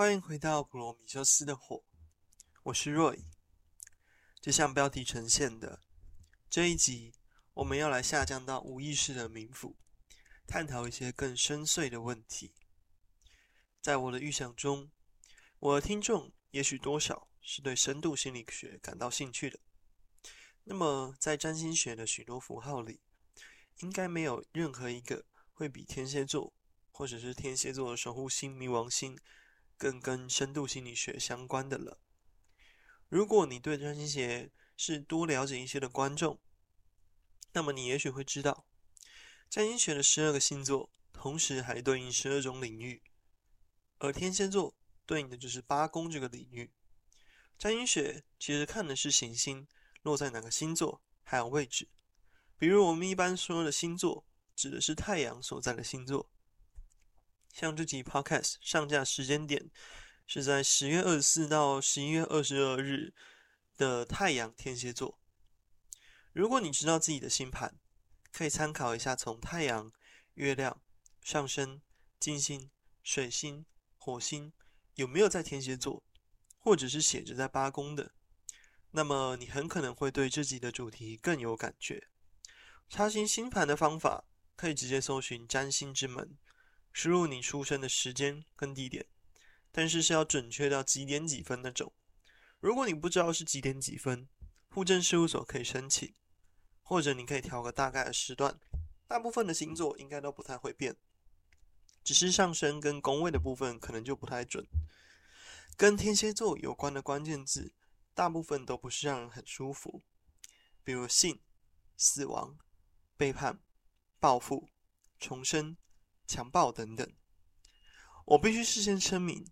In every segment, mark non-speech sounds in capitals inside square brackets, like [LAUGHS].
歡迎回到《普羅米修斯的火》，我是 Roy。就像標題呈現的，這一集我們要來下降到無意識的冥府，探討一些更深邃的問題。在我的預想中，我的聽眾也許多少是對深度心理學感到興趣的。那麼，在占星學的許多符號裡，應該沒有任何一個會比天蠍座，或者是天蠍座的守護星冥王星，更跟深度心理學相關的了。如果你對占星學是多了解一些的觀眾，那麼你也許會知道，占星學的十二個星座，同時還對應十二種領域，而天蠍座對應的就是八宮這個領域。占星學其實看的是行星落在哪個星座，還有位置。比如我們一般說的星座，指的是太陽所在的星座。像這集 Podcast 上架時間點是在十月二十四到十一月二十二日的太陽天蠍座。如果你知道自己的星盤，可以參考一下，從太陽、月亮、上升、金星、水星、火星有沒有在天蠍座，或者是寫着在八宮的，那麼你很可能會對這集的主題更有感覺。查詢星盤的方法，可以直接搜尋“占星之門”。輸入你出生的時間跟地點，但是是要準確到幾點幾分那種。如果你不知道是幾點幾分，戶政事務所可以申請，或者你可以調個大概的時段。大部分的星座應該都不太會變，只是上升跟宮位的部分可能就不太準。跟天蠍座有關的關鍵字，大部分都不是讓人很舒服，比如性、死亡、背叛、報復、重生。強暴等等，我必須事先聲明，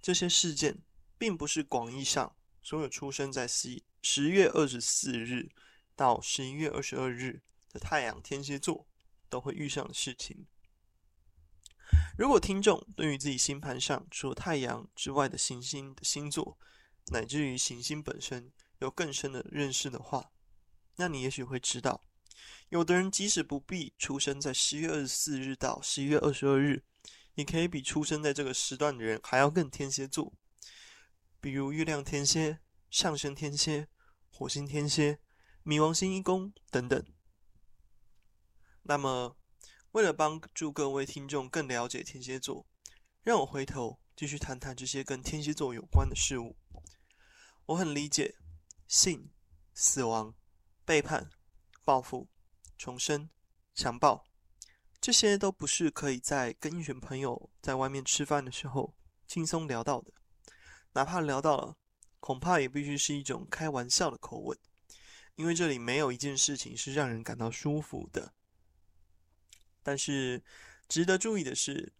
這些事件並不是廣義上所有出生在西十月二十四日到十一月二十二日的太陽天蠍座都會遇上的事情。如果聽眾對於自己星盤上除了太陽之外的行星的星座，乃至於行星本身有更深的認識的話，那你也許會知道。有的人即使不必出生在十月二十四日到十一月二十二日，也可以比出生在這個時段的人還要更天蠍座，比如月亮天蠍、上升天蠍、火星天蠍、冥王星一宮等等。那麼，為了幫助各位聽眾更了解天蠍座，讓我回頭繼續談談這些跟天蠍座有關的事物。我很理解性、死亡、背叛、報復、重生、強暴，這些都不是可以在跟一群朋友在外面吃飯的時候輕鬆聊到的。哪怕聊到了，恐怕也必須是一種開玩笑的口吻，因為這裡沒有一件事情是讓人感到舒服的。但是值得注意的是，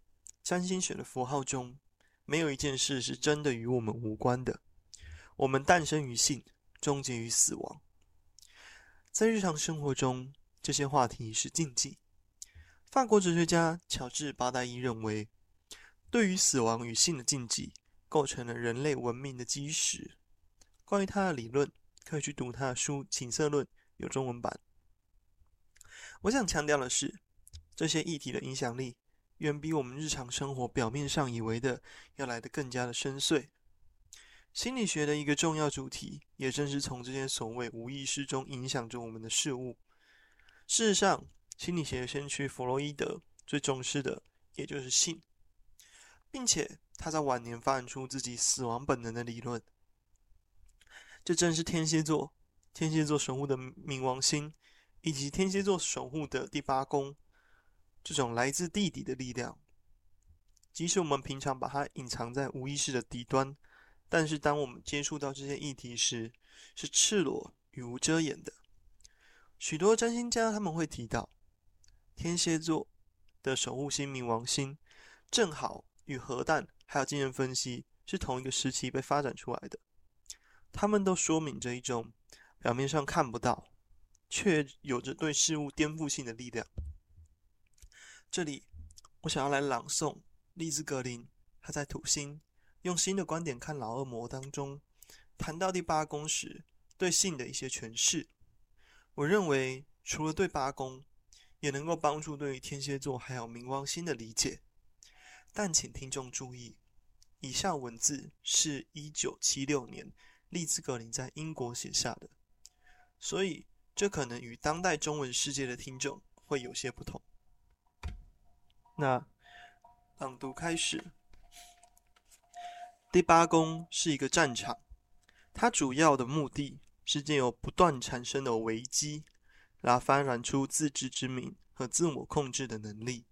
占星學的符號中，沒有一件事是真的與我們無關的。我們誕生於性，終結於死亡。在日常生活中，這些話題是禁忌。法國哲學家喬治·巴代伊認為，對於死亡與性的禁忌構成了人類文明的基石。關於他的理論，可以去讀他的書《情色論》，有中文版。我想強調的是，這些議題的影響力遠比我們日常生活表面上以為的要來得更加的深邃。心理學的一個重要主題，也正是從這些所謂無意識中影響着我們的事物。事實上，心理學先驅弗洛伊德最重視的，也就是性，並且他在晚年發展出自己死亡本能的理論。這正是天蠍座，天蠍座守護的冥王星，以及天蠍座守護的第八宮，這種來自地底的力量。即使我們平常把它隱藏在無意識的底端，但是當我們接觸到這些議題時，是赤裸與無遮掩的。許多占星家他們會提到，天蠍座的守護星冥王星，正好與核彈還有精神分析是同一個時期被發展出來的。他們都說明着一種表面上看不到，卻有着對事物顛覆性的力量。這裡我想要來朗誦麗茲格林他在《土星：用新的觀點看老惡魔》當中談到第八宮時對性的一些詮釋。我認為，除了對八宮，也能夠幫助對天蠍座還有冥王星的理解。但請聽眾注意，以下文字是一九七六年麗茲格林在英國寫下的，所以這可能與當代中文世界的聽眾會有些不同。那朗讀開始。第八宮是一個戰場，它主要的目的。是藉由不斷產生的危機，來發展出自知之明和自我控制的能力。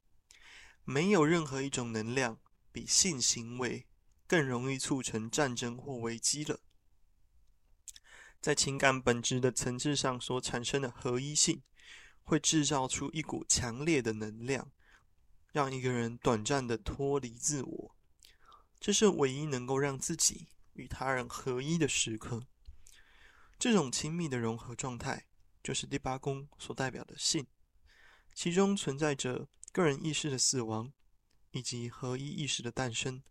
沒有任何一種能量比性行為更容易促成戰爭或危機了。在情感本質的層次上所產生的合一性，會製造出一股強烈的能量，讓一個人短暫的脫離自我。這是唯一能夠讓自己與他人合一的時刻。這種親密的融合狀態，就是第八宮所代表的性，其中存在着個人意識的死亡，以及合一意識的誕生。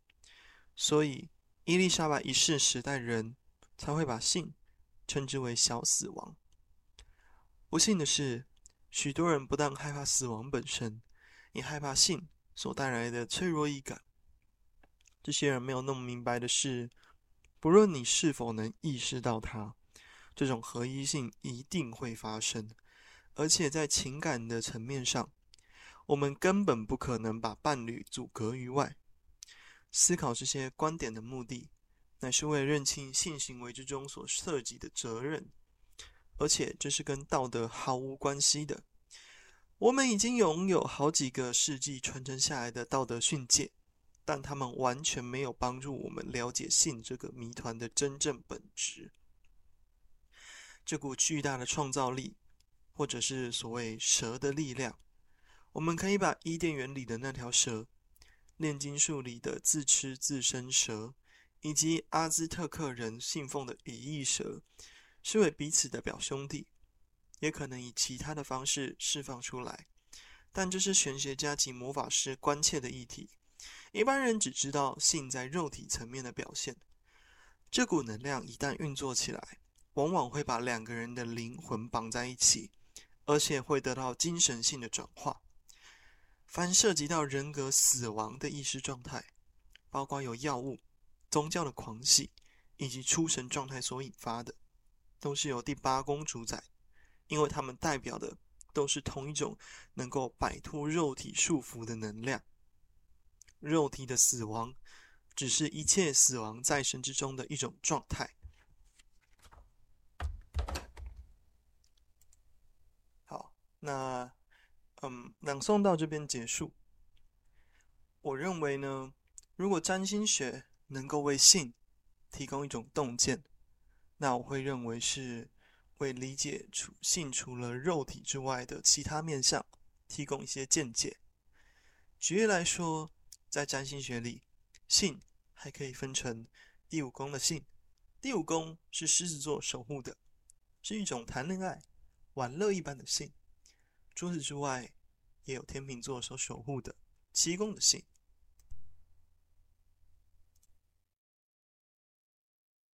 所以，伊麗莎白一世時代人才會把性稱之為“小死亡”。不幸的是，許多人不但害怕死亡本身，也害怕性所帶來的脆弱易感。這些人沒有弄明白的是，不論你是否能意識到它，這種合一性一定會發生，而且在情感的層面上，我們根本不可能把伴侶阻隔於外。思考這些觀點的目的，乃是為了認清性行為之中所涉及的責任，而且這是跟道德毫無關係的。我們已經擁有好幾個世紀傳承下來的道德訓誡，但它們完全沒有幫助我們了解性這個謎團的真正本質。這股巨大的創造力，或者是所謂蛇的力量，我們可以把伊甸園裡的那條蛇、煉金術裡的自吃自身蛇，以及阿茲特克人信奉的羽翼蛇，視為彼此的表兄弟，也可能以其他的方式釋放出來。但這是玄學家及魔法師關切的議題，一般人只知道性在肉體層面的表現。這股能量一旦運作起來。往往會把兩個人的靈魂綁在一起，而且會得到精神性的轉化。凡涉及到人格死亡的意識狀態，包括有藥物、宗教的狂喜以及出神狀態所引發的，都是由第八宮主宰，因為它們代表的都是同一種能夠擺脫肉體束縛的能量。肉體的死亡，只是一切死亡在神之中的一種狀態。那，嗯，朗誦到這邊結束。我認為呢，如果占星學能夠為性提供一種洞見，那我會認為是為理解除性除了肉體之外的其他面向提供一些見解。舉例來說，在占星學裡，性還可以分成第五宮的性。第五宮是獅子座守護的，是一種談戀愛、玩樂一般的性。除此之外，也有天秤座所守護的七宮的性。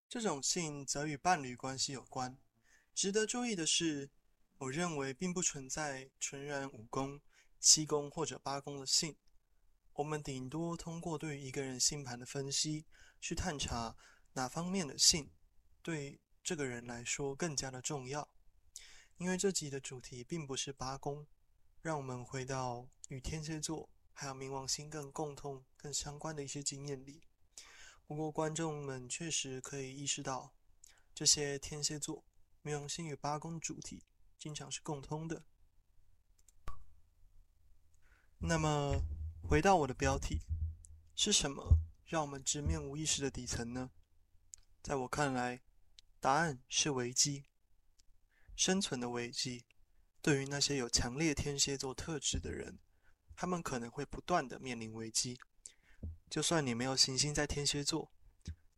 這種性則與伴侶關係有關。值得注意的是，我認為並不存在純然五宮、七宮或者八宮的性，我們頂多通過對一個人星盤的分析，去探查哪方面的性對這個人來說更加的重要。因為這集的主題並不是八宮，讓我們回到與天蠍座還有冥王星更共通、更相關的一些經驗裡。不過，觀眾們確實可以意識到，這些天蠍座、冥王星與八宮主題經常是共通的。那麼，回到我的標題，是什麼讓我們直面無意識的底層呢？在我看來，答案是危機。生存的危機，對於那些有強烈天蠍座特質的人，他們可能會不斷地面臨危機。就算你沒有行星在天蠍座，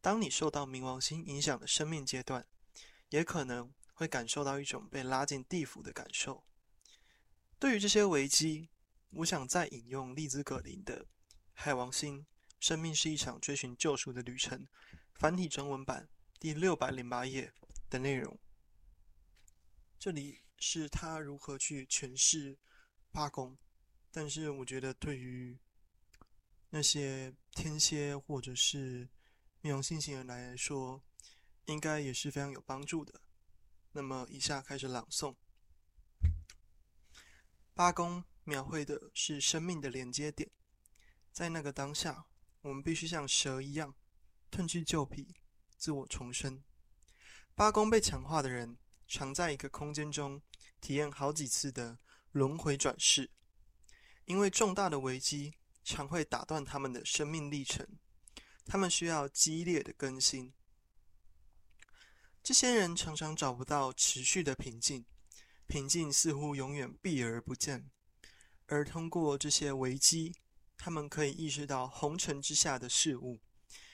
當你受到冥王星影響的生命階段，也可能會感受到一種被拉進地府的感受。對於這些危機，我想再引用麗茲·格林的《海王星：生命是一場追尋救贖的旅程》繁體中文版第六百零八頁的內容。這裡是他如何去詮釋八宮，但是我覺得對於那些天蠍或者是冥王星型的人來說，應該也是非常有幫助的。那麼，以下開始朗誦。八宮描繪的是生命的連接點，在那個當下，我們必須像蛇一樣褪去舊皮，自我重生。八宮被強化的人，常在一個空間中體驗好幾次的輪迴轉世，因為重大的危機常會打斷他們的生命歷程，他們需要激烈的更新。這些人常常找不到持續的平靜，平靜似乎永遠避而不見，而通過這些危機，他們可以意識到紅塵之下的事物，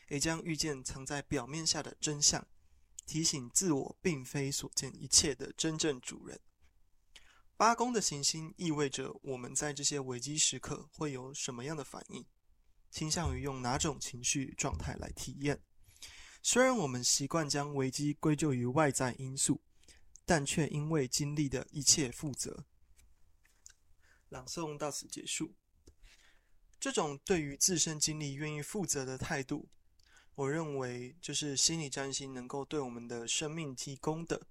也將遇見藏在表面下的真相。提醒自我並非所見一切的真正主人。八宮的行星意味着我們在這些危機時刻會有什麼樣的反應，傾向於用哪種情緒狀態來體驗。雖然我們習慣將危機歸咎於外在因素，但卻因為經歷的一切負責。朗誦到此結束。這種對於自身經歷願意負責的態度，我認為，這是心理占星能夠對我們的生命提供的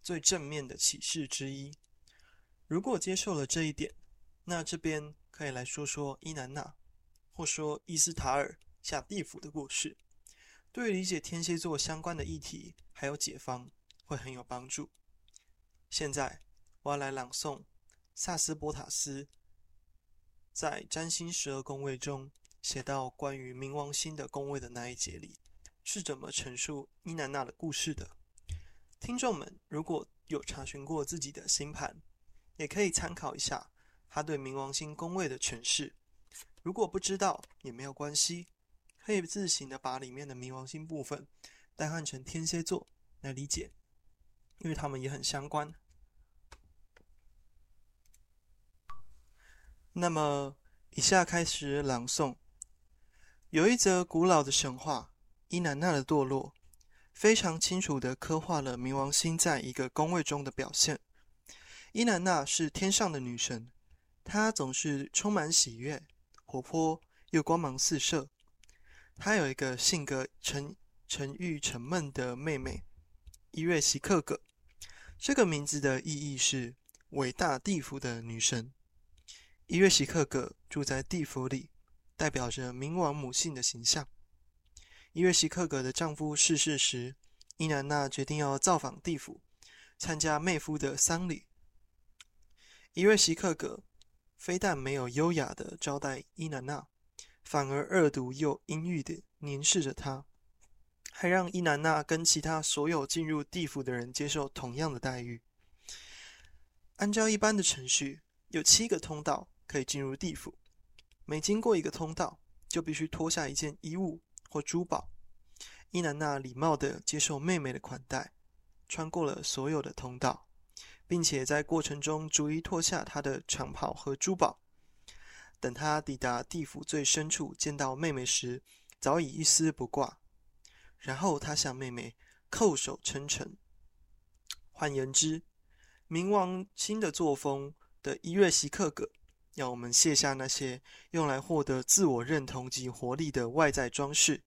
最正面的啟示之一。如果接受了這一點，那這邊可以來說說伊南娜，或說伊斯塔爾下地府的故事，對於理解天蠍座相關的議題還有解方會很有幫助。現在，我要來朗誦薩司波塔斯在占星十二宮位中，寫到關於冥王星的宮位的那一節裡，是怎麼陳述伊南娜的故事的？聽眾們如果有查詢過自己的星盤，也可以參考一下他對冥王星宮位的詮釋。如果不知道也沒有關係，可以自行的把裡面的冥王星部分代換成天蠍座來理解，因為他們也很相關。那麼，以下開始朗誦。有一則古老的神話——伊南娜的墮落，非常清楚地刻畫了冥王星在一個宮位中的表現。伊南娜是天上的女神，她總是充滿喜悅、活潑又光芒四射。她有一個性格沉沉鬱、沉悶的妹妹伊瑞希克格，這個名字的意義是“偉大地府的女神”。伊瑞希克格住在地府裡。代表着冥王母性的形象。伊瑞希克格的丈夫逝世時，伊南娜決定要造訪地府，參加妹夫的喪禮。伊瑞希克格非但沒有優雅地招待伊南娜，反而惡毒又陰鬱地凝視着她，還讓伊南娜跟其他所有進入地府的人接受同樣的待遇。按照一般的程序，有七個通道可以進入地府。每經過一個通道，就必須脫下一件衣物或珠寶。伊南娜禮貌地接受妹妹的款待，穿過了所有的通道，並且在過程中逐一脫下她的長袍和珠寶。等她抵達地府最深處，見到妹妹時，早已一絲不掛。然後她向妹妹叩首稱臣。換言之，冥王星的作風的一月席克格。要我們卸下那些用來獲得自我認同及活力的外在裝飾，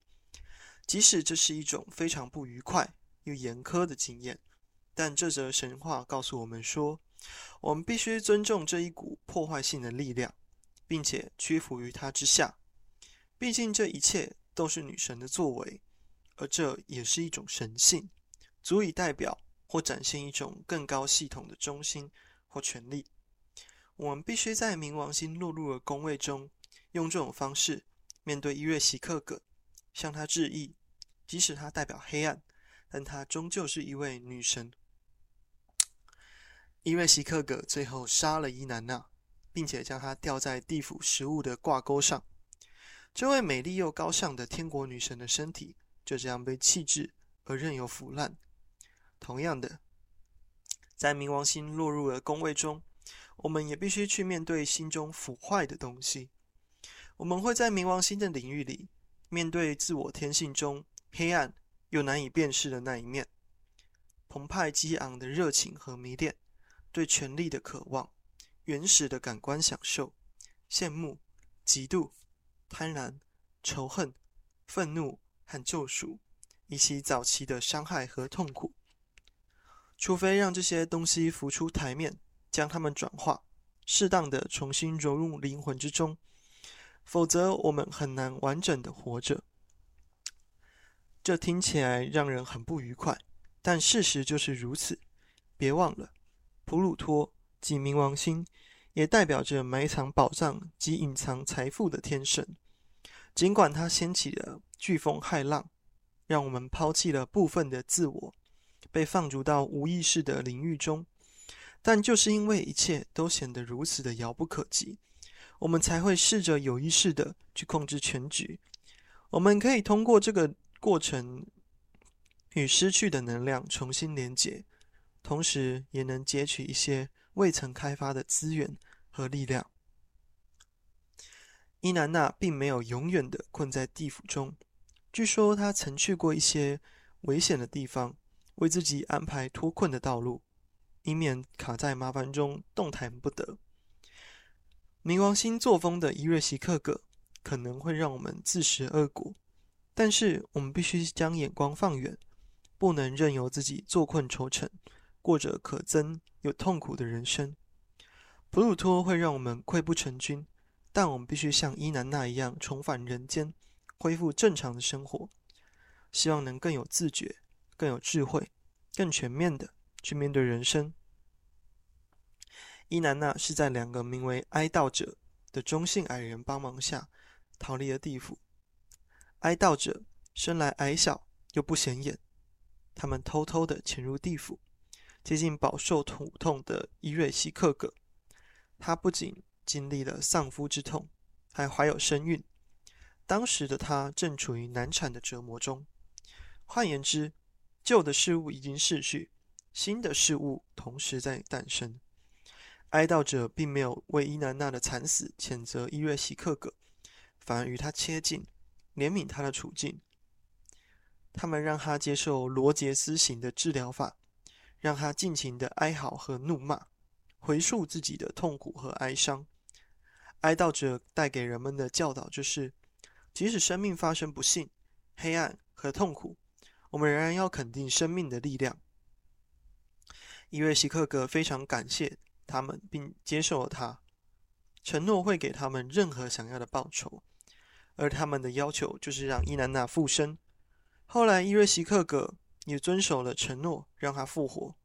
即使這是一種非常不愉快又嚴苛的經驗，但這則神話告訴我們說，我們必須尊重這一股破壞性的力量，並且屈服於它之下。畢竟這一切都是女神的作為，而這也是一種神性，足以代表或展現一種更高系統的中心或權力。我們必須在冥王星落入了宮位中，用這種方式面對伊瑞希克格，向他致意。即使他代表黑暗，但他終究是一位女神。伊瑞希克格最後殺了伊南娜，並且將她吊在地府食物的掛鈎上。這位美麗又高尚的天國女神的身體就這樣被棄置而任由腐爛。同樣的，在冥王星落入了宮位中。我們也必須去面對心中腐壞的東西。我們會在冥王星的領域裡，面對自我天性中黑暗又難以辨識的那一面，澎湃激昂的熱情和迷戀，對權力的渴望，原始的感官享受，羨慕、嫉妒、貪婪、仇恨、憤怒和救贖，以及早期的傷害和痛苦。除非讓這些東西浮出台面。將它們轉化，適當的重新融入靈魂之中，否則我們很難完整的活着。這聽起來讓人很不愉快，但事實就是如此。別忘了，普魯托即冥王星，也代表着埋藏寶藏及隱藏財富的天神。儘管它掀起了颶風駭浪，讓我們拋棄了部分的自我，被放逐到無意識的領域中。但就是因為一切都顯得如此的遙不可及，我們才會試着有意識的去控制全局。我們可以通過這個過程與失去的能量重新連結，同時也能截取一些未曾開發的資源和力量。伊南娜並沒有永遠的困在地府中，據說她曾去過一些危險的地方，為自己安排脫困的道路。以免卡在麻煩中動彈不得。冥王星作風的伊瑞希克格可能會讓我們自食惡果，但是我們必須將眼光放遠，不能任由自己坐困愁城，過着可憎又痛苦的人生。普魯托會讓我們潰不成軍，但我們必須像伊南娜一樣重返人間，恢復正常的生活，希望能更有自覺、更有智慧、更全面的。去面對人生。伊南娜是在兩個名為哀悼者的中性矮人幫忙下逃離了地府。哀悼者生來矮小又不顯眼，他們偷偷的潛入地府，接近飽受苦痛的伊瑞希克格。他不僅經歷了喪夫之痛，還懷有身孕。當時的他正處於難產的折磨中。換言之，舊的事物已經逝去。新的事物同時在誕生。哀悼者並沒有為伊南娜的慘死譴責伊瑞希克格，反而與他親近，憐憫他的處境。他們讓他接受羅傑斯型的治療法，讓他盡情的哀嚎和怒罵，回溯自己的痛苦和哀傷。哀悼者帶給人們的教導就是：即使生命發生不幸、黑暗和痛苦，我們仍然要肯定生命的力量。伊瑞希克格非常感謝他們，並接受了他承諾會給他們任何想要的報酬，而他們的要求就是讓伊南娜復生。後來，伊瑞希克格也遵守了承諾，讓她復活。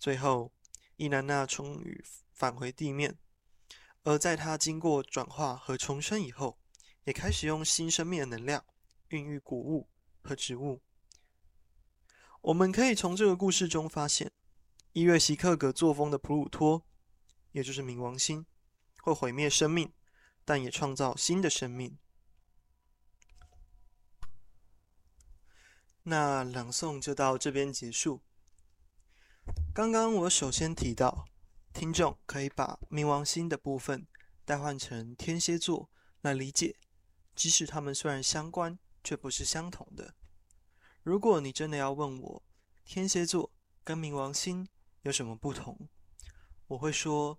最後，伊南娜終於返回地面，而在她經過轉化和重生以後，也開始用新生命的能量孕育谷物和植物。我們可以從這個故事中發現。伊瑞希克格作風的普魯托，也就是冥王星，會毀滅生命，但也創造新的生命。那朗誦就到這邊結束。剛剛我首先提到，聽眾可以把冥王星的部分代換成天蠍座來理解，即使他們雖然相關，卻不是相同的。如果你真的要問我，天蠍座跟冥王星。有什麼不同？我會說，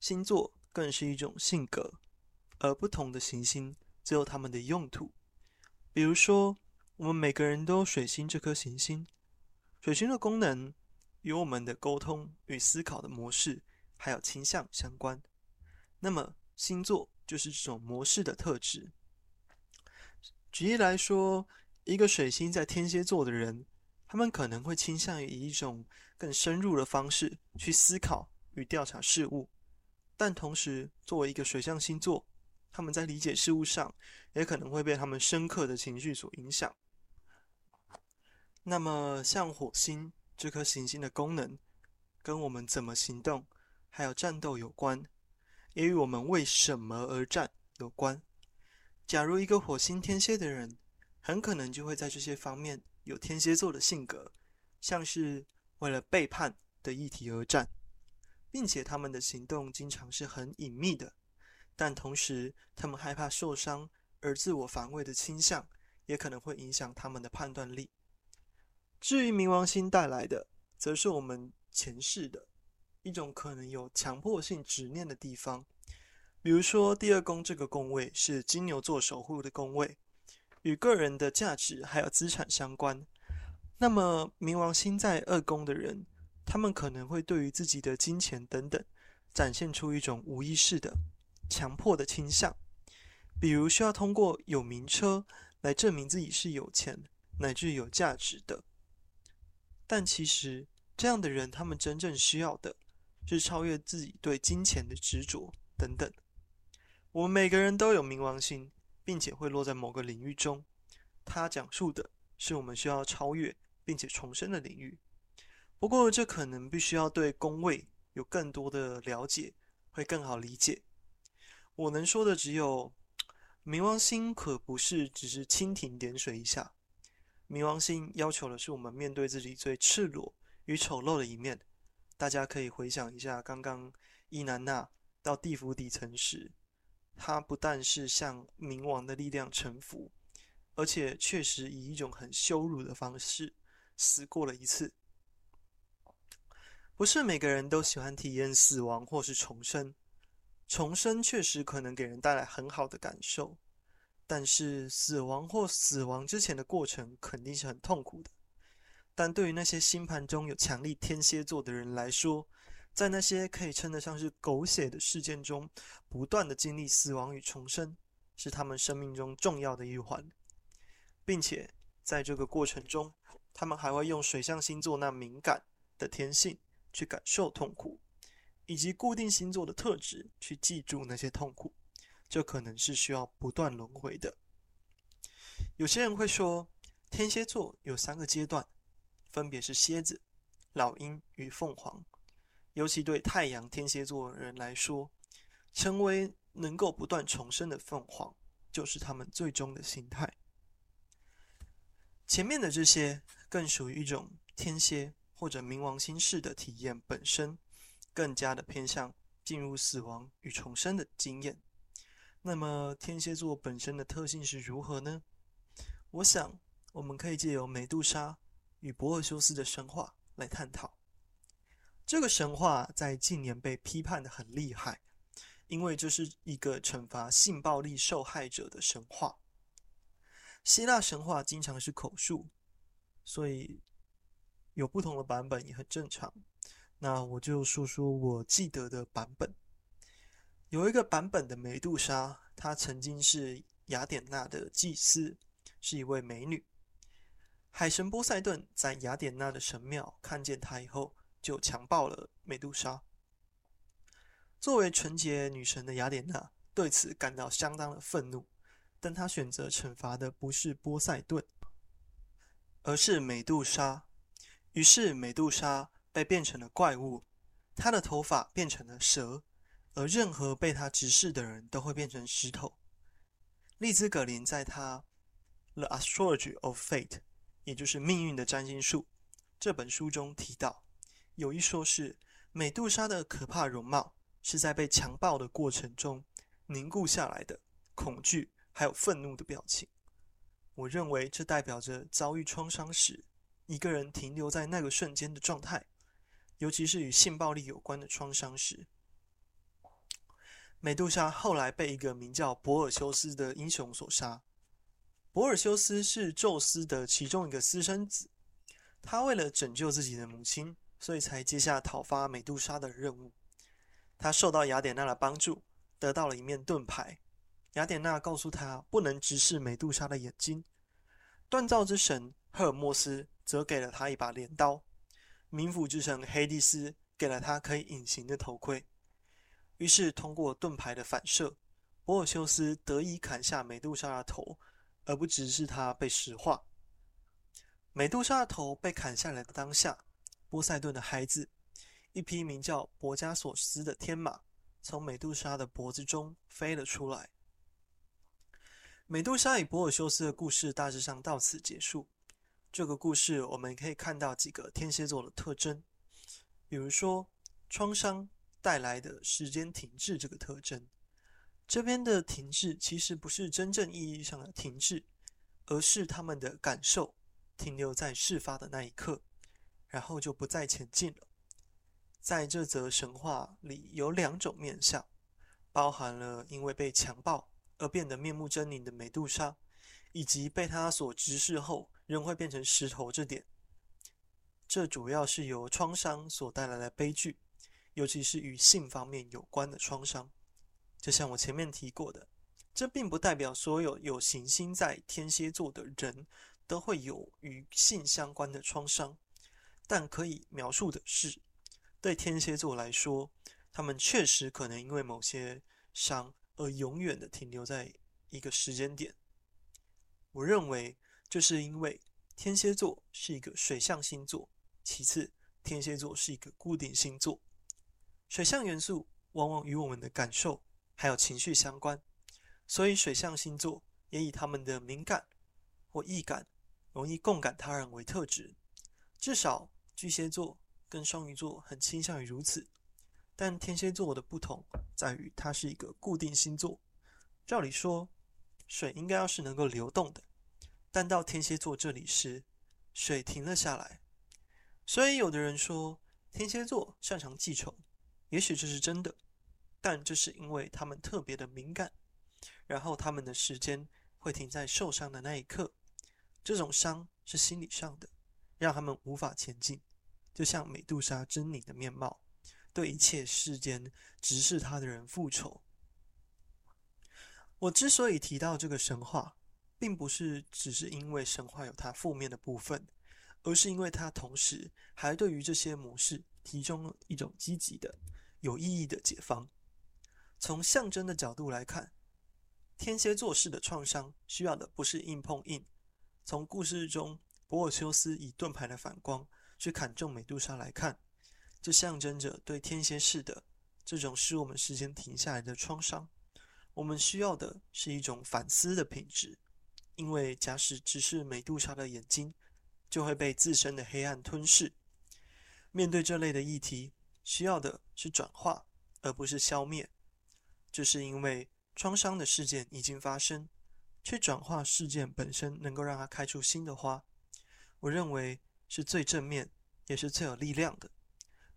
星座更是一種性格，而不同的行星自有它們的用途。比如說，我們每個人都有水星這顆行星，水星的功能與我們的溝通與思考的模式還有傾向相關。那麼，星座就是這種模式的特質。舉例來說，一個水星在天蠍座的人。他們可能會傾向於以一種更深入的方式去思考與調查事物，但同時作為一個水象星座，他們在理解事物上也可能會被他們深刻的情緒所影響。那麼，像火星這顆行星的功能，跟我們怎麼行動，還有戰鬥有關，也與我們為什麼而戰有關。假如一個火星天蠍的人，很可能就會在這些方面。有天蠍座的性格，像是為了背叛的議題而戰，並且他們的行動經常是很隱祕的。但同時，他們害怕受傷而自我防衛的傾向，也可能會影響他們的判斷力。至於冥王星帶來的，則是我們前世的一種可能有強迫性執念的地方，比如說第二宮這個宮位是金牛座守護的宮位。與個人的價值還有資產相關，那麼冥王星在二宮的人，他們可能會對於自己的金錢等等，展現出一種無意識的強迫的傾向，比如需要通過有名車來證明自己是有錢乃至有價值的。但其實這樣的人，他們真正需要的，是超越自己對金錢的執着等等。我們每個人都有冥王星。並且會落在某個領域中。它講述的是我們需要超越並且重生的領域。不過這可能必須要對宮位有更多的了解，會更好理解。我能說的只有，冥王星可不是只是蜻蜓點水一下。冥王星要求的是我們面對自己最赤裸與醜陋的一面。大家可以回想一下剛剛伊南娜到地府底層時。他不但是向冥王的力量臣服，而且確實以一種很羞辱的方式死過了一次。不是每個人都喜歡體驗死亡或是重生，重生確實可能給人帶來很好的感受，但是死亡或死亡之前的過程肯定是很痛苦的。但對於那些星盤中有強力天蠍座的人來說，在那些可以稱得上是狗血的事件中，不斷地經歷死亡與重生，是他們生命中重要的一環，並且在這個過程中，他們還會用水象星座那敏感的天性去感受痛苦，以及固定星座的特質去記住那些痛苦，這可能是需要不斷輪回的。有些人會說，天蠍座有三個階段，分別是蠍子、老鷹與鳳凰。尤其對太陽天蠍座人來說，成為能夠不斷重生的鳳凰，就是他們最終的心態。前面的這些更屬於一種天蠍或者冥王星式的體驗本身，更加的偏向進入死亡與重生的經驗。那麼天蠍座本身的特性是如何呢？我想我們可以借由美杜莎與柏爾修斯的神話來探討。這個神話在近年被批判得很厲害，因為這是一個懲罰性暴力受害者的神話。希臘神話經常是口述，所以有不同的版本也很正常。那我就說說我記得的版本。有一個版本的美杜莎，她曾經是雅典娜的祭司，是一位美女。海神波塞頓在雅典娜的神廟看見她以後，就強暴了美杜莎。作為純潔女神的雅典娜對此感到相當的憤怒，但她選擇懲罰的不是波塞頓，而是美杜莎。於是美杜莎被變成了怪物，她的頭髮變成了蛇，而任何被她直視的人都會變成石頭。麗茲·格林在她《The Astrology of Fate》也就是《命運的占星術》這本書中提到。有一說，是美杜莎的可怕容貌是在被強暴的過程中凝固下來的恐懼還有憤怒的表情。我認為這代表着遭遇創傷時，一個人停留在那個瞬間的狀態，尤其是與性暴力有關的創傷時。美杜莎後來被一個名叫柏爾修斯的英雄所殺。柏爾修斯是宙斯的其中一個私生子，他為了拯救自己的母親。所以才接下討伐美杜莎的任務。他受到雅典娜的幫助，得到了一面盾牌。雅典娜告訴他不能直視美杜莎的眼睛。鍛造之神赫爾墨斯則給了他一把鐮刀。冥府之神黑帝斯給了他可以隱形的頭盔。於是通過盾牌的反射，柏爾修斯得以砍下美杜莎的頭，而不只是他被石化。美杜莎的頭被砍下來的當下。波塞頓的孩子，一匹名叫博加索斯的天馬從美杜莎的脖子中飛了出來。美杜莎與柏爾修斯的故事大致上到此結束。這個故事我們可以看到幾個天蠍座的特徵，比如說創傷帶來的時間停滯這個特徵。這邊的停滯其實不是真正意義上的停滯，而是他們的感受停留在事發的那一刻。然後就不再前進了。在這則神話裡有兩種面相，包含了因為被強暴而變得面目猙獰的美杜莎，以及被她所直視後仍會變成石頭這點。這主要是由創傷所帶來的悲劇，尤其是與性方面有關的創傷。就像我前面提過的，這並不代表所有有行星在天蠍座的人都會有與性相關的創傷。但可以描述的是，對天蠍座來說，他們確實可能因為某些傷而永遠地停留在一個時間點。我認為，這是因為天蠍座是一個水象星座。其次，天蠍座是一個固定星座。水象元素往往與我們的感受還有情緒相關，所以水象星座也以他們的敏感或易感、容易共感他人為特質。至少。巨蟹座跟雙魚座很傾向於如此，但天蠍座的不同在於，它是一個固定星座。照理說，水應該要是能夠流動的，但到天蠍座這裡時，水停了下來。所以，有的人說天蠍座擅長記仇，也許這是真的，但這是因為他們特別的敏感，然後他們的時間會停在受傷的那一刻，這種傷是心理上的。讓他們無法前進，就像美杜莎猙獰的面貌，對一切世間直視她的人復仇。我之所以提到這個神話，並不是只是因為神話有它負面的部分，而是因為它同時還對於這些模式提供了一種積極的、有意義的解方。從象徵的角度來看，天蠍座式的創傷需要的不是硬碰硬，從故事中。柏爾修斯以盾牌的反光去砍中美杜莎來看，這象徵着對天蠍式的這種使我們時間停下來的創傷。我們需要的是一種反思的品質，因為假使只是美杜莎的眼睛，就會被自身的黑暗吞噬。面對這類的議題，需要的是轉化而不是消滅，這、就是因為創傷的事件已經發生，去轉化事件本身，能夠讓它開出新的花。我認為是最正面，也是最有力量的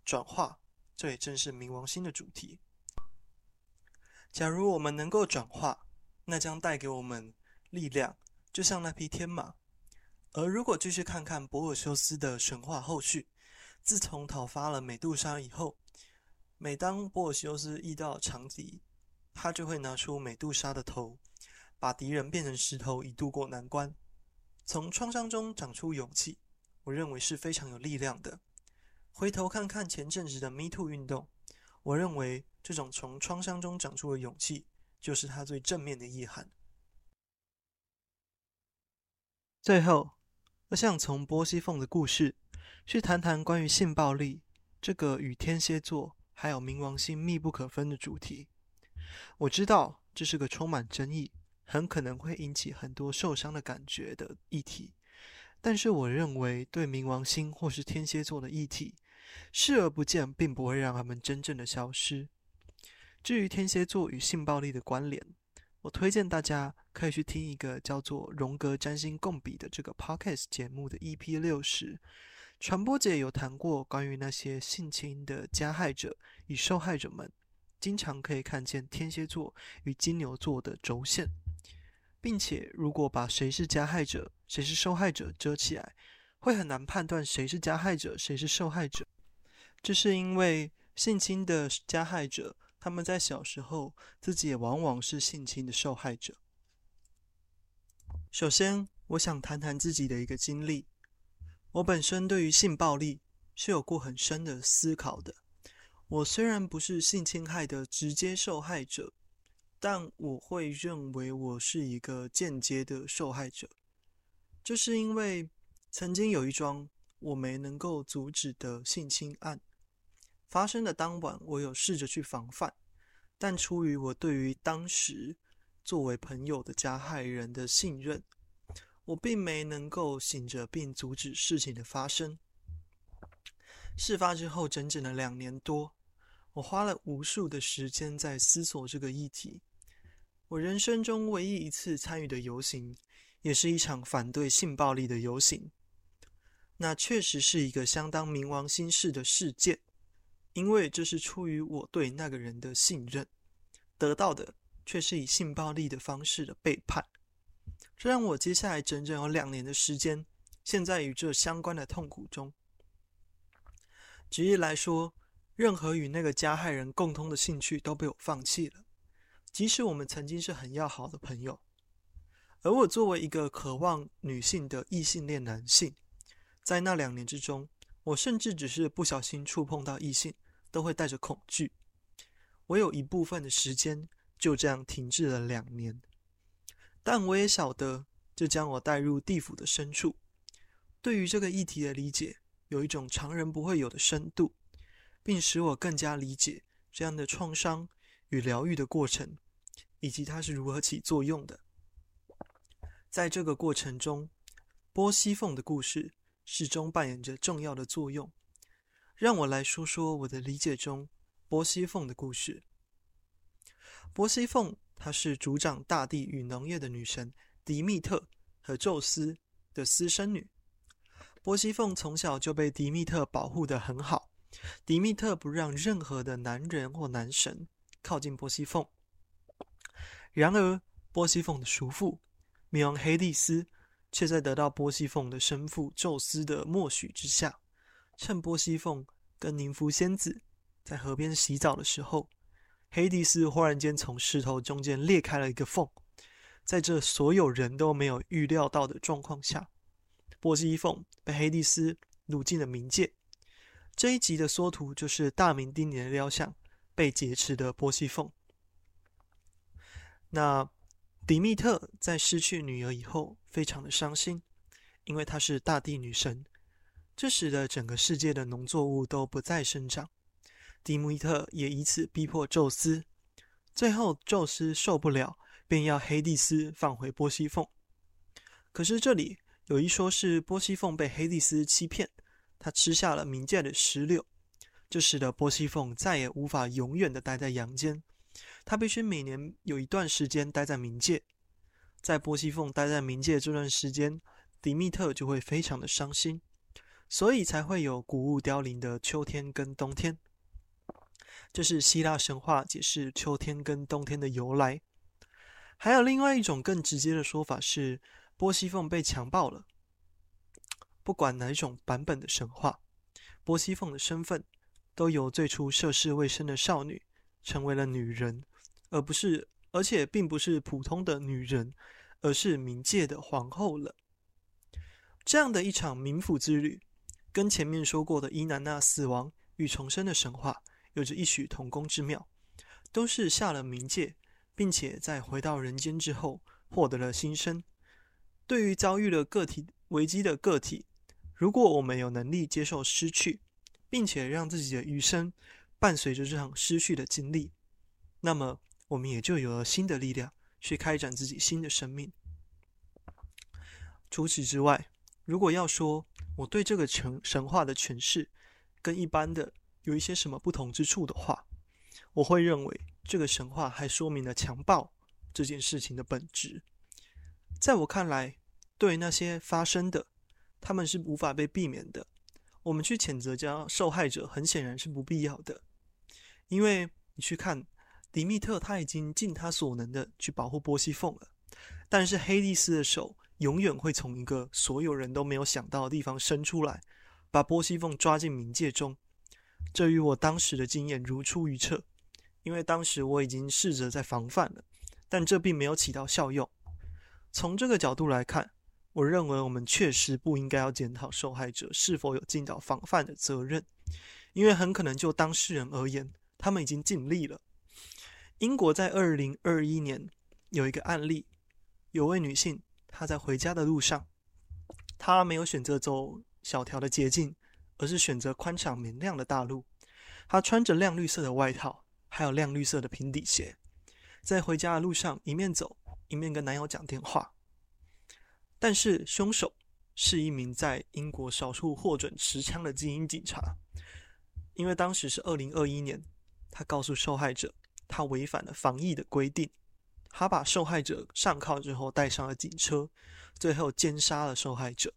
轉化。這也正是冥王星的主題。假如我們能夠轉化，那將帶給我們力量，就像那匹天馬。而如果繼續看看柏爾修斯的神話後續，自從討伐了美杜莎以後，每當柏爾修斯遇到強敵，他就會拿出美杜莎的頭，把敵人變成石頭，以度過難關。從創傷中長出勇氣，我認為是非常有力量的。回頭看看前陣子的 Me Too 運動，我認為這種從創傷中長出的勇氣，就是它最正面的意涵。最後，我想從波西鳳的故事，去談談關於性暴力，這個與天蠍座還有冥王星密不可分的主題。我知道這是個充滿爭議，很可能會引起很多受傷的感覺的議題，但是我認為對冥王星或是天蠍座的議題視而不見，並不會讓他們真正的消失。至於天蠍座與性暴力的關聯，我推薦大家可以去聽一個叫做《榮格占星共筆》的這個 podcast 節目的 EP 六十，傳播者有談過關於那些性侵的加害者與受害者們，經常可以看見天蠍座與金牛座的軸線。並且，如果把誰是加害者、誰是受害者遮起來，會很難判斷誰是加害者、誰是受害者。這是因為性侵的加害者，他們在小時候自己也往往是性侵的受害者。首先，我想談談自己的一個經歷。我本身對於性暴力是有過很深的思考的。我雖然不是性侵害的直接受害者，但我會認為我是一個間接的受害者，這、就是因為曾經有一樁我沒能夠阻止的性侵案發生的當晚，我有試着去防範，但出於我對於當時作為朋友的加害人的信任，我並沒能夠醒着並阻止事情的發生。事發之後整整的兩年多，我花了無數的時間在思索這個議題。我人生中唯一一次參與的遊行，也是一場反對性暴力的遊行。那確實是一個相當冥王星式的事件，因為這是出於我對那個人的信任，得到的卻是以性暴力的方式的背叛。這讓我接下來整整有兩年的時間，陷在與這相關的痛苦中。直譯來說，任何與那個加害人共通的興趣都被我放棄了。即使我們曾經是很要好的朋友，而我作為一個渴望女性的異性戀男性，在那兩年之中，我甚至只是不小心觸碰到異性，都會帶着恐懼。我有一部分的時間就這樣停滯了兩年，但我也曉得，這將我帶入地府的深處，對於這個議題的理解有一種常人不會有的深度，並使我更加理解這樣的創傷與療癒的過程。以及它是如何起作用的。在這個過程中，波西鳳的故事始終扮演着重要的作用。讓我來說說我的理解中，波西鳳的故事。波西鳳，她是主掌大地與農業的女神，迪密特和宙斯的私生女。波西鳳從小就被迪密特保護得很好，迪密特不讓任何的男人或男神靠近波西鳳。然而，波西鳳的叔父，冥王黑帝斯，卻在得到波西鳳的生父宙斯的默許之下，趁波西鳳跟寧芙仙子在河邊洗澡的時候，黑帝斯忽然間從石頭中間裂開了一個縫。在這所有人都沒有預料到的狀況下，波西鳳被黑帝斯擄進了冥界。這一集的縮圖就是大名鼎鼎的雕像被劫持的波西鳳。那迪密特在失去女兒以後，非常的傷心，因為她是大地女神，這使得整個世界的農作物都不再生長。迪密特也以此逼迫宙斯，最後宙斯受不了，便要黑帝斯放回波西鳳。可是這裡有一說是波西鳳被黑帝斯欺騙，他吃下了冥界的石榴，這使得波西鳳再也無法永遠的待在陽間。他必須每年有一段時間待在冥界，在波西鳳待在冥界這段時間，迪密特就會非常的傷心，所以才會有穀物凋零的秋天跟冬天。這是希臘神話解釋秋天跟冬天的由來。還有另外一種更直接的說法是，波西鳳被強暴了。不管哪一種版本的神話，波西鳳的身份，都由最初涉世未深的少女，成為了女人。而不是，而且並不是普通的女人，而是冥界的皇後了。這樣的一場冥府之旅，跟前面說過的伊南娜死亡與重生的神話有着異曲同工之妙，都是下了冥界，並且在回到人間之後獲得了新生。對於遭遇了個體危機的個體，如果我們有能力接受失去，並且讓自己的餘生伴隨着這場失去的經歷，那麼。我們也就有了新的力量去開展自己新的生命。除此之外，如果要說我對這個神神話的詮釋跟一般的有一些什麼不同之處的話，我會認為這個神話還說明了強暴這件事情的本質。在我看來，對那些發生的，他們是無法被避免的。我們去譴責加受害者，很顯然是不必要的，因為你去看。迪密特他已經盡他所能的去保護波西鳳了，但是黑利斯的手永遠會從一個所有人都沒有想到的地方伸出來，把波西鳳抓進冥界中。這與我當時的經驗如出一轍，因為當時我已經試着在防範了，但這並沒有起到效用。從這個角度來看，我認為我們確實不應該要檢討受害者是否有盡到防範的責任，因為很可能就當事人而言，他們已經盡力了。英國在二零二一年有一個案例，有位女性，她在回家的路上，她沒有選擇走小條的捷徑，而是選擇寬敞明亮的大路。她穿着亮綠色的外套，還有亮綠色的平底鞋，在回家的路上一面走一面跟男友講電話。但是兇手是一名在英國少數獲准持槍的精英警察，因為當時是二零二一年，他告訴受害者。他違反了防疫的規定，他把受害者上銬之後帶上了警車，最後姦殺了受害者，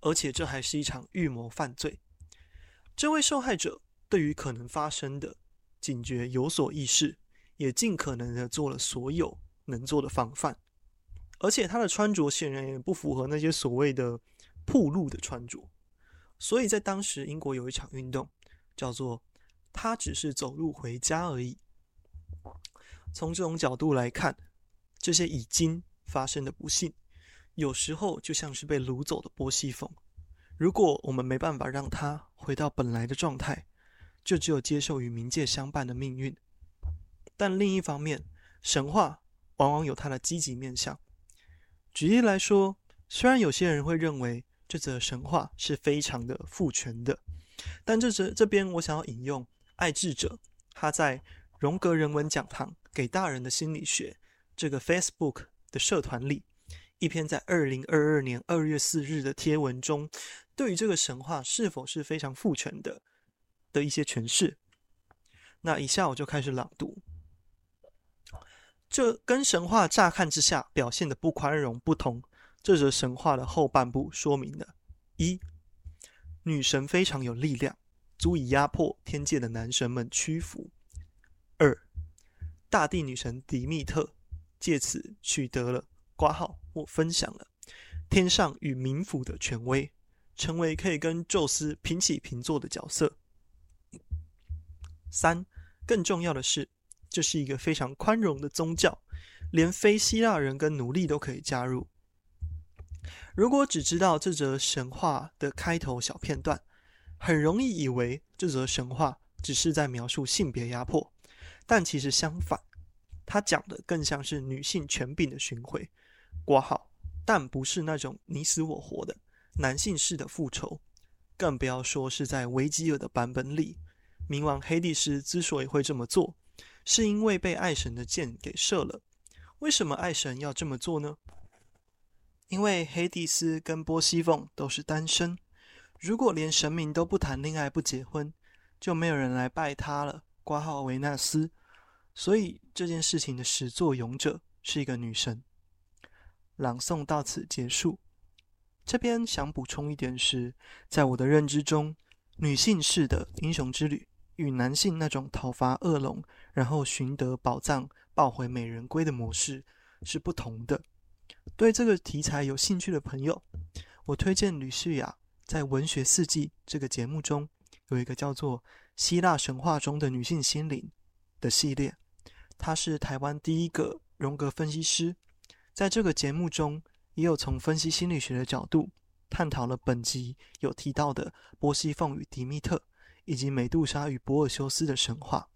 而且這還是一場預謀犯罪。這位受害者對於可能發生的警覺有所意識，也盡可能的做了所有能做的防範，而且他的穿着顯然也不符合那些所謂的暴露的穿着，所以在當時英國有一場運動叫做“他只是走路回家而已”。從這種角度來看，這些已經發生的不幸，有時候就像是被擄走的波西鳳。如果我們沒辦法讓它回到本來的狀態，就只有接受與冥界相伴的命運。但另一方面，神話往往有它的積極面向。舉例來說，雖然有些人會認為這則神話是非常的父權的，但這則這邊我想要引用愛智者他在。榮格人文講堂給大人的心理學這個 Facebook 的社團裡，一篇在二零二二年二月四日的貼文中，對於這個神話是否是非常父權的的一些詮釋。那以下我就開始朗讀。這跟神話乍看之下表現的不寬容不同，這則神話的後半部說明了：一，女神非常有力量，足以壓迫天界的男神們屈服。大地女神迪密特借此取得了掛號或分享了天上與冥府的權威，成為可以跟宙斯平起平坐的角色。三，更重要的是，這是一個非常寬容的宗教，連非希臘人跟奴隸都可以加入。如果只知道這則神話的開頭小片段，很容易以為這則神話只是在描述性別壓迫。但其實相反，他講的更像是女性權柄的巡回。括號，但不是那種你死我活的男性式的復仇，更不要說是在維吉爾的版本裡，冥王黑帝斯之所以會這麼做，是因為被愛神的箭給射了。為什麼愛神要這麼做呢？因為黑帝斯跟波西鳳都是單身，如果連神明都不談戀愛不結婚，就沒有人來拜他了。括號維納斯，所以這件事情的始作俑者是一個女神。朗誦到此結束。這邊想補充一點是，在我的認知中，女性式的英雄之旅與男性那種討伐惡龍，然後尋得寶藏，抱回美人歸的模式是不同的。對這個題材有興趣的朋友，我推薦呂旭亞在《文學四季》這個節目中有一個叫做。希臘神話中的女性心靈的系列，她是台灣第一個榮格分析師。在這個節目中，也有從分析心理學的角度探討了本集有提到的波西鳳與迪密特，以及美杜莎與柏爾修斯的神話。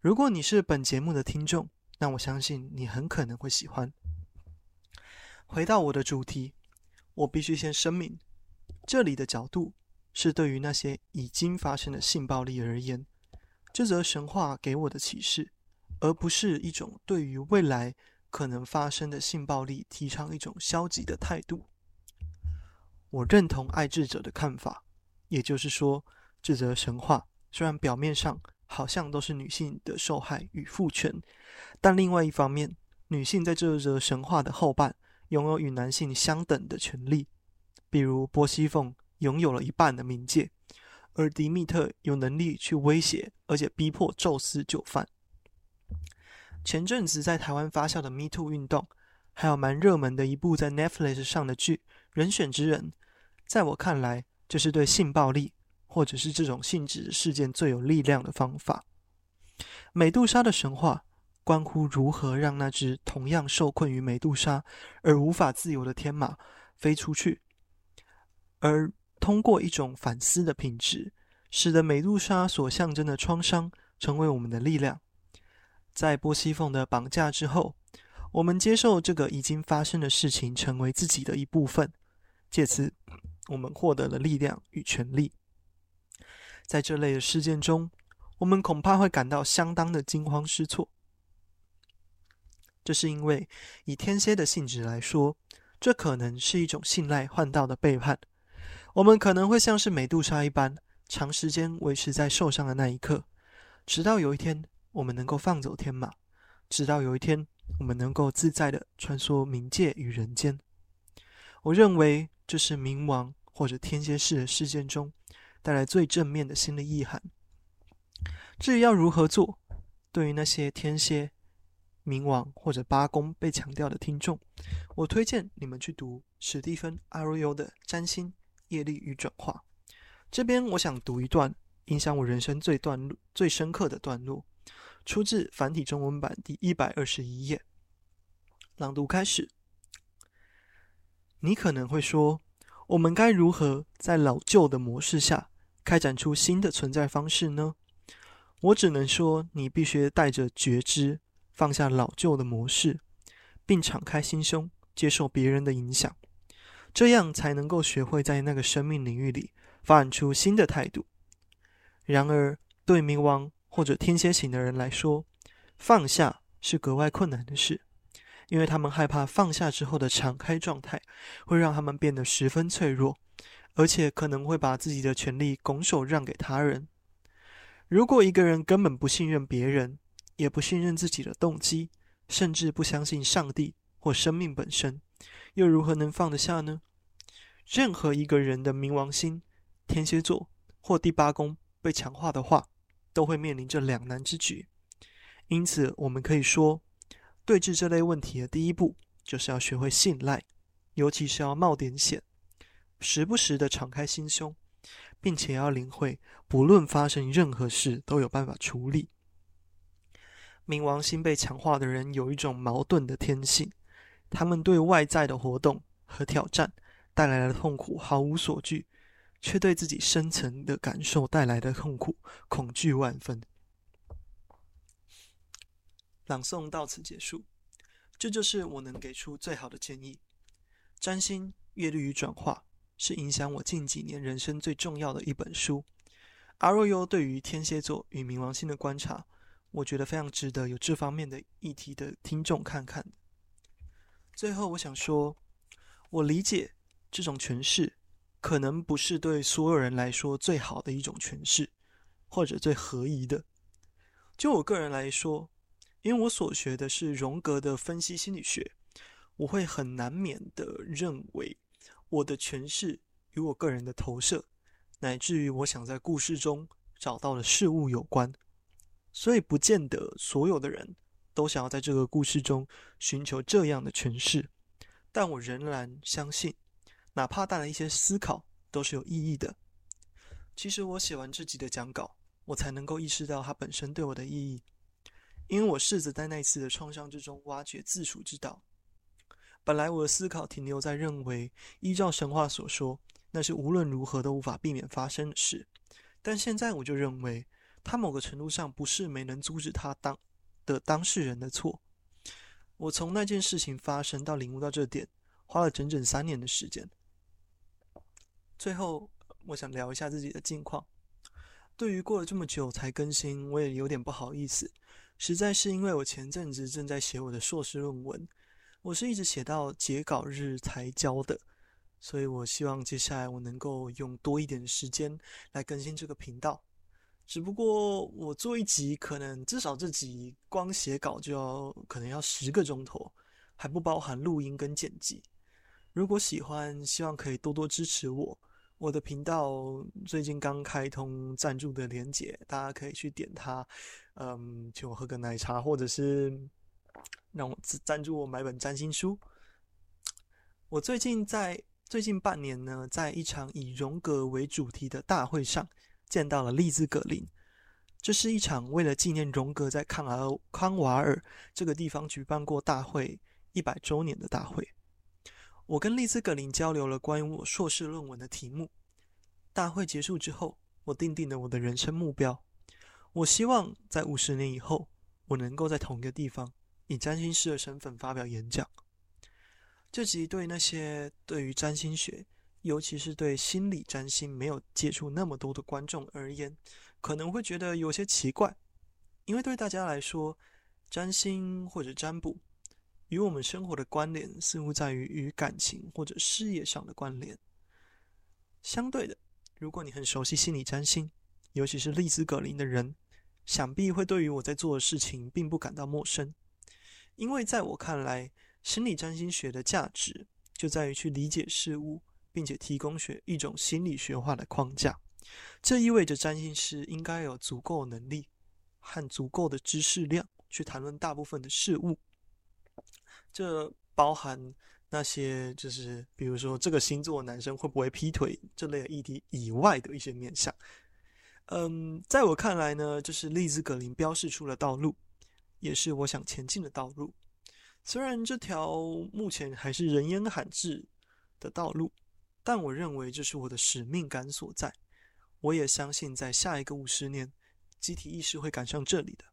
如果你是本節目的聽眾，那我相信你很可能會喜歡。回到我的主題，我必須先聲明，這裡的角度。是對於那些已經發生的性暴力而言，這則神話給我的啟示，而不是一種對於未來可能發生的性暴力提倡一種消極的態度。我認同愛智者的看法，也就是說，這則神話雖然表面上好像都是女性的受害與父權，但另外一方面，女性在這則神話的後半擁有與男性相等的權利，比如波西鳳。擁有了一半的冥界，而迪密特有能力去威脅，而且逼迫宙斯就範。前陣子在台灣發酵的 Me Too 運動，還有蠻熱門的一部在 Netflix 上的劇《人選之人》，在我看來，這、就是對性暴力或者是這種性質的事件最有力量的方法。美杜莎的神話關乎如何讓那隻同樣受困於美杜莎而無法自由的天馬飛出去，而。通過一種反思的品質，使得美杜莎所象徵的創傷成為我們的力量。在波西鳳的綁架之後，我們接受這個已經發生的事情成為自己的一部分，借此我們獲得了力量與權力。在這類的事件中，我們恐怕會感到相當的驚慌失措。這是因為以天蠍的性質來說，這可能是一種信賴換到的背叛。我們可能會像是美杜莎一般，長時間維持在受傷的那一刻，直到有一天我們能夠放走天馬，直到有一天我們能夠自在的穿梭冥界與人間。我認為這是冥王或者天蠍式的事件中，帶來最正面的心理意涵。至於要如何做，對於那些天蠍、冥王或者八宮被強調的聽眾，我推薦你們去讀史蒂芬·阿若優的《占星》。業力與轉化，這邊我想讀一段影響我人生最段落最深刻的段落，出自繁體中文版第一百二十一頁。朗讀開始。你可能會說，我們該如何在老舊的模式下開展出新的存在方式呢？我只能說，你必須帶着覺知放下老舊的模式，並敞開心胸接受別人的影響。這樣才能夠學會在那個生命領域裡發展出新的態度。然而，對冥王或者天蠍型的人來說，放下是格外困難的事，因為他們害怕放下之後的敞開狀態會讓他們變得十分脆弱，而且可能會把自己的權力拱手讓給他人。如果一個人根本不信任別人，也不信任自己的動機，甚至不相信上帝或生命本身，又如何能放得下呢？任何一個人的冥王星、天蠍座或第八宮被強化的話，都會面臨着兩難之局。因此，我們可以說，對峙這類問題的第一步，就是要學會信賴，尤其是要冒點險，時不時的敞開心胸，並且要領會，不論發生任何事，都有辦法處理。冥王星被強化的人有一種矛盾的天性。他們對外在的活動和挑戰帶來的痛苦毫無所懼，卻對自己深層的感受帶來的痛苦恐懼萬分。朗誦到此結束，這就是我能給出最好的建議。占星、業力與轉化是影響我近幾年人生最重要的一本書。阿若優對於天蠍座與冥王星的觀察，我覺得非常值得有這方面的議題的聽眾看看。最後，我想說，我理解這種詮釋可能不是對所有人來說最好的一種詮釋，或者最合宜的。就我個人來說，因為我所學的是榮格的分析心理學，我會很難免的認為我的詮釋與我個人的投射，乃至於我想在故事中找到的事物有關，所以不見得所有的人。都想要在這個故事中尋求這樣的詮釋，但我仍然相信，哪怕帶來一些思考，都是有意義的。其實我寫完這集的講稿，我才能夠意識到它本身對我的意義，因為我試着在那次的創傷之中挖掘自處之道。本來我的思考停留在認為，依照神話所說，那是無論如何都無法避免發生的事，但現在我就認為，它某個程度上不是沒能阻止它當的當事人的錯，我從那件事情發生到領悟到這點，花了整整三年的時間。最後，我想聊一下自己的近況。對於過了這麼久才更新，我也有點不好意思。實在是因為我前陣子正在寫我的碩士論文，我是一直寫到截稿日才交的，所以我希望接下來我能夠用多一點的時間來更新這個頻道。只不過我做一集，可能至少這集光寫稿就要可能要十個鐘頭，還不包含錄音跟剪輯。如果喜歡，希望可以多多支持我。我的頻道最近剛開通贊助的連結，大家可以去點它。嗯，請我喝個奶茶，或者是讓我贊助我買本占星書。我最近在最近半年呢，在一場以榮格為主題的大會上。見到了麗茲·格林，這是一場為了紀念榮格在康爾康瓦爾這個地方舉辦過大會一百周年的大會。我跟麗茲·格林交流了關於我碩士論文的題目。大會結束之後，我訂定了我的人生目標。我希望在五十年以後，我能夠在同一個地方以占星師的身份發表演講。這集對那些對於占星學。尤其是對心理占星沒有接觸那麼多的觀眾而言，可能會覺得有些奇怪，因為對大家來說，占星或者占卜與我們生活的關聯似乎在於與感情或者事業上的關聯。相對的，如果你很熟悉心理占星，尤其是麗茲·格林的人，想必會對於我在做的事情並不感到陌生，因為在我看來，心理占星學的價值就在於去理解事物。並且提供學一種心理學化的框架。這意味着占星師應該有足夠能力和足夠的知識量去談論大部分的事物，這包含那些就是比如說這個星座的男生會不會劈腿這類的議題以外的一些面向。嗯，在我看來呢，這是麗茲．格林標示出了道路，也是我想前進的道路，雖然這條目前還是人煙罕至的道路。但我認為這是我的使命感所在。我也相信，在下一個五十年，集體意識會趕上這裡的。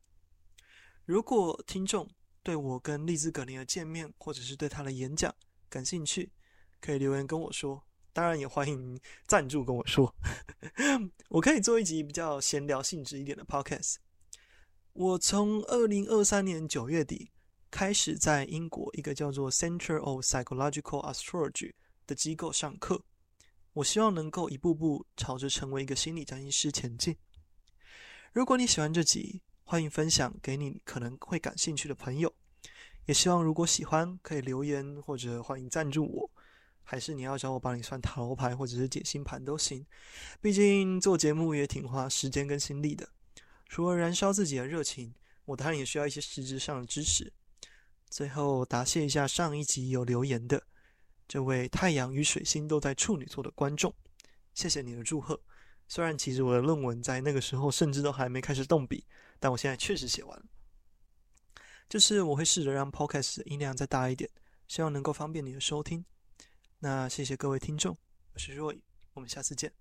如果聽眾對我跟麗茲·格林的見面，或者是對他的演講感興趣，可以留言跟我說。當然，也歡迎您贊助跟我說， [LAUGHS] 我可以做一集比較閒聊性質一點的 podcast。我從二零二三年九月底開始，在英國一個叫做 Centre of Psychological Astrology。的機構上課，我希望能夠一步步朝着成為一個心理占星師前進。如果你喜歡這集，歡迎分享給你可能會感興趣的朋友。也希望如果喜歡可以留言或者歡迎贊助我，還是你要找我幫你算塔羅牌或者是解星盤都行。畢竟做節目也挺花時間跟心力的，除了燃燒自己的熱情，我當然也需要一些實質上的支持。最後，答謝一下上一集有留言的，這位太陽與水星都在處女座的觀眾，謝謝你的祝賀。雖然其實我的論文在那個時候甚至都還沒開始動筆，但我現在確實寫完了。就是我會試着讓 podcast 音量再大一點，希望能夠方便你的收聽。那謝謝各位聽眾，我是若雨，我們下次見。